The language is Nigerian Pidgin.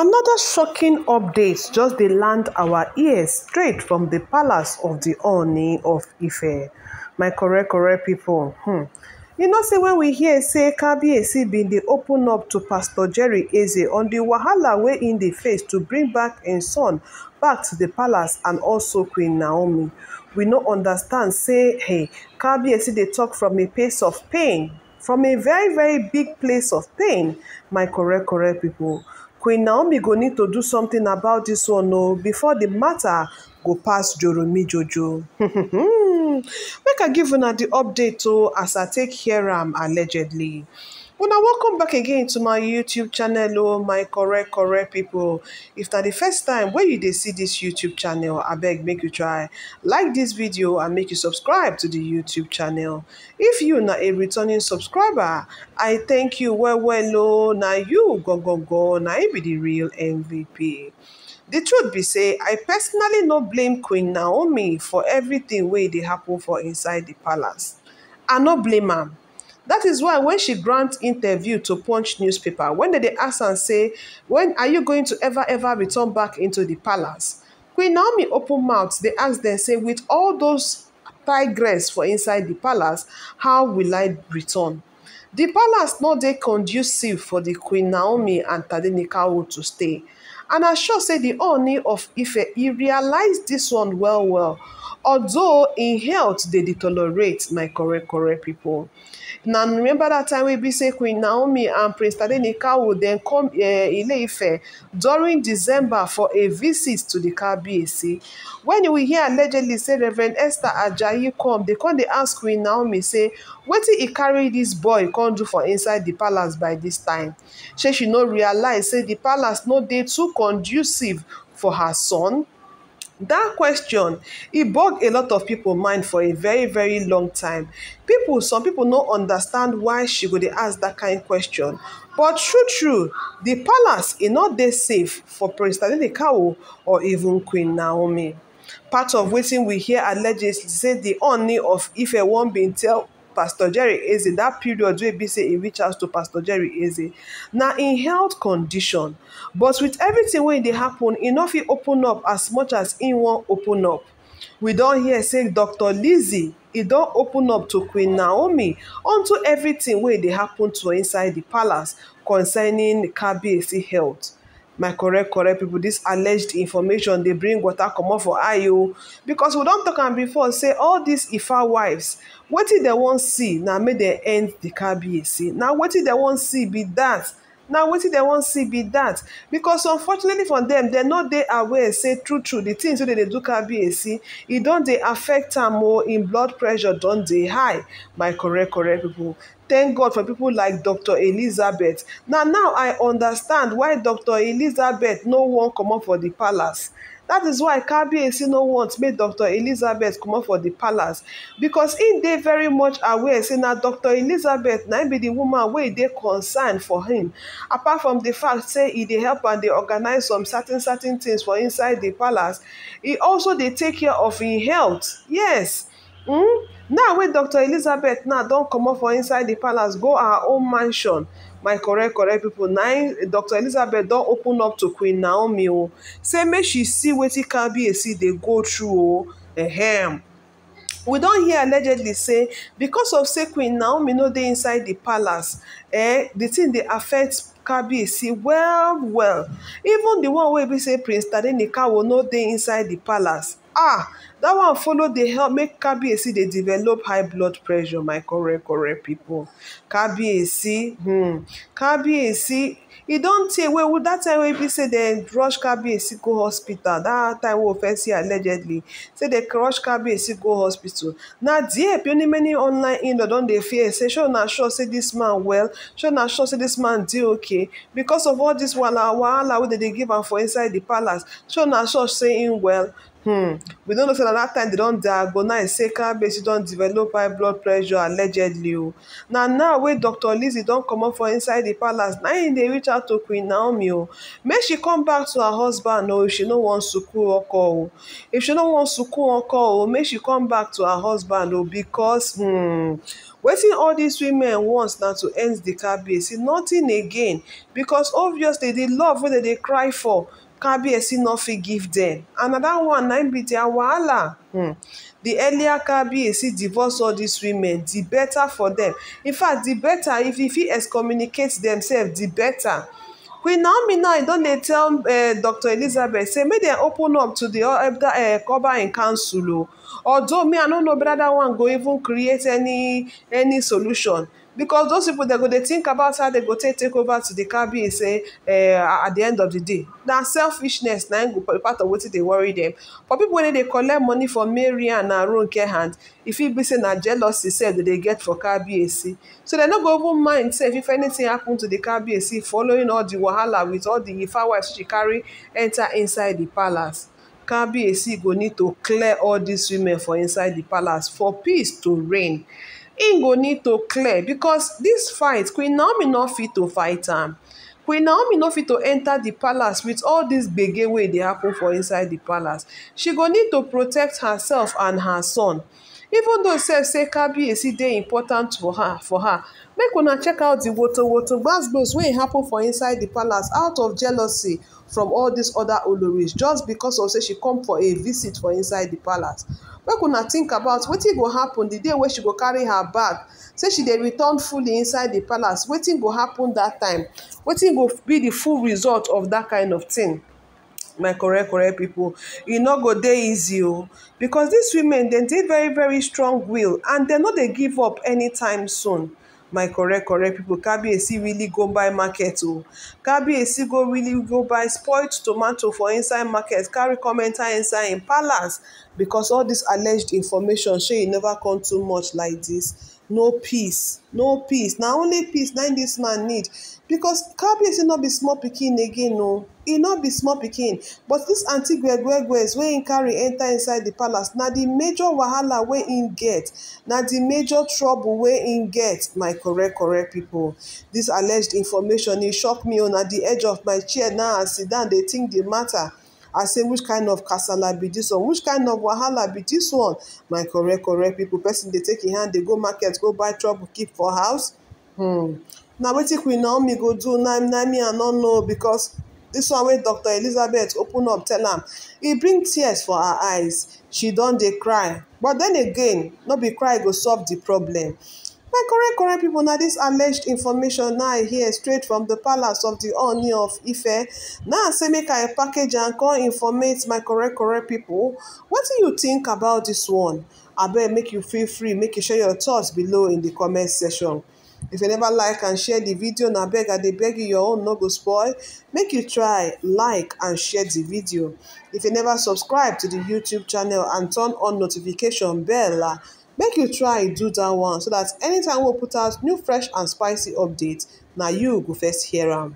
Another shocking update just dey land our ears straight from the palace of the Ooni of Ife. My correct correct people, hmm. you know see when we hear say Kabiyesi bin dey open up to Pastor Jerry Eze on the wahala way in the face to bring back his son back to the palace and also Queen Naomi, we no understand say hey, Kabiyesi they talk from a place of pain, from a very very big place of pain, my correct correct people queen naomi go need to do something about this one o oh, before the matter go pass joromi jojo hmm. make i give una the update o oh, as i take hear am allegedly una welcome back again to my youtube channel oh my correct correct people. if na the first time wey you dey see this youtube channel abeg make you try like this video and make you subscribe to the youtube channel if you na a returning subscriber i thank you well well o oh, na you go go go na im be di real mvp The truth be say i personally no blame queen naomi for everything wey dey happen for inside the palace i no blame am That is why when she grant interview to punch newspaper when dem dey ask and say when are you going to ever ever return back into the palace queen naomi open mouth They ask them say with all those tigress for inside the palace how will i return The palace not dey conducive for the queen naomi and tadenikawo to stay and i'm sure say the only of ife he realized this one well well although in health they tolerate my correct correct people. Now remember that time we be say queen naomi and prince tadeni kawo then come eh, ife during december for a visit to di kbac When we hear allegedly say reverend esther ajayi come they come They ask queen naomi say did he carry this boy come do for inside the palace by this time She should not realize say the palace no dey too conducive for her son? That question, it bugged a lot of people mind for a very, very long time. People, some people don't understand why she would ask that kind of question. But true, true, the palace is not that safe for Prince Stanley Kawo or even Queen Naomi. Part of waiting we hear allegedly say the only of a woman being tell pastor jerry eze that period wey be say e reach out to pastor jerry eze Now, in health condition but with everything wey they happen enough he open up as much as he wan open up we don't hear say dr lizzie He don't open up to queen naomi Onto everything where they happen to inside the palace concerning kabiyesi health my correct correct people. This alleged information dey bring water comot for eye o oh. because we don talk am before say all these ifa wives wetin dem wan see na make dem end the di kabiyesi na wetin dem wan see be that na wetin dem wan see be dat because unfortunately for dem dem no dey aware say true true di tins wey dem dey do kbac e don dey affect am o im blood pressure don dey high my correct correct pipo thank god for pipo like dr elizabeth na now i understand why dr elizabeth no wan comot for di palace That is why kabiyesi no want make dr elizabeth come up for the palace because im they very much aware say now dr elizabeth now be the woman where they concerned for him apart from the fact say he they help and they organize some certain certain things for inside the palace He also they take care of his health yes mm? now wey dr elizabeth now don't come up for inside the palace go our own mansion my correct correct people. Now, dr elizabeth don't open up to queen naomi o oh. say make she see be. See they go through oh, ehem we don't hear allegedly say because of say queen naomi no dey inside the palace eh the thing they affect see. well well even the one wey we say prince will not dey inside the palace ah that one follow dey help make kabiyesi dey develop high blood pressure my correct correct pipo kabiyesi hmm kabiyesi e don tey wey That time wey e be say dem rush kabiyesi go hospital That time wey ofesi allegedly say dem rush kabiyesi go hospital na there many many online in don dey fear say sure na sure say this man well Show na sure say this man dey okay because of all this. wahala wahala wey dem dey give am for inside the palace Show na sure say im well um we no know say na dat time dem don diagnose say kbc don develop high blood pressure allegedly o oh. na now wey dr lizzy don comot for inside di palace na im dey reach out to queen naomi o oh. make she come back to her husband o oh, if she no wan sukuu oko o if she no wan sukuu oko o make she come back to her husband o because um wetin all dis women want na to end di kbc nothing again because obviously di love wey dem dey cry for kabiyesi no fit give dem and na one na im be dia wahala um hmm. di earlier kabiyesi divorce all these women the better for them. in fact the better if e fit excommunicate themselves, the better queen naomi now e don dey tell eh, dr elizabeth say make dem open up to the di eh, cover in council o oh. although me i no know whether dat one go even create any any solution because those people they go they think about how they go take take over to the cabin say eh, at the end of the day That selfishness na go part of what they worry them. but people when they collect money from marian and ronke hand if e fit be saying that jealousy said that they get for kbac so they're not going to mind say if anything happen to di kbac following all the wahala with all the ifa wives she carry enter inside the palace kbac go need to clear all these women for inside the palace for peace to reign im go need to clear because dis fight queen naomi no fit to fight am queen naomi no fit to enter di palace wit all dis gbege wey dey happen for inside di palace she go need to protect herself and her son even though sef say kabiyesi dey important for her for her make una check out di woto woto gbasgbos wey happen for inside the palace out of jealousy from all these other oloris just because of say she come for a visit for inside the palace make una think about wetin go happen the day wey she go carry her bag say she dey return fully inside the palace wetin go happen that time wetin go be the full result of that kind of thing? my correct correct people, e no go dey easy o becos dis women dem dey very very strong will and dem no dey give up anytime soon my correct correct pipo kabiyesi really go buy market o kabiyesi go really go buy spoilt tomato for inside market carry come enter inside im palace because all this alleged information shey e never come too much like this no peace no peace na only peace na this man need because kabiyesi no be small pikin again o e no be small pikin but this anti gwegwegwes wey im carry enter inside the palace na the major wahala wey im get na the major trouble wey im get my correct correct people. This alleged information e shock me o oh. na the edge of my chair now i sit down dey think the matter i say which kind of kasala be this one which kind of wahala be this one my correct correct people. person they take in hand they go market go buy trouble keep for house hmm Now na wetin know me go do Now now me i no know because this one wey dr elizabeth open up tell him. He bring tears for her eyes she don't dey cry but then again not be cry go solve the problem my correct correct pipo na dis alleged information na i hear straight from di palace of di oni of ife na say make i package am come informate my correct correct pipo wetin you think about dis one abeg make you feel free make you share your thoughts below in di comment section if you never like and share di video na beg i dey beg you your own no go spoil make you try like and share di video if you never subscribe to di youtube channel and turn on notification bell ah, make you try do that one so that anytime we put out new fresh and spicy update na you go first hear am.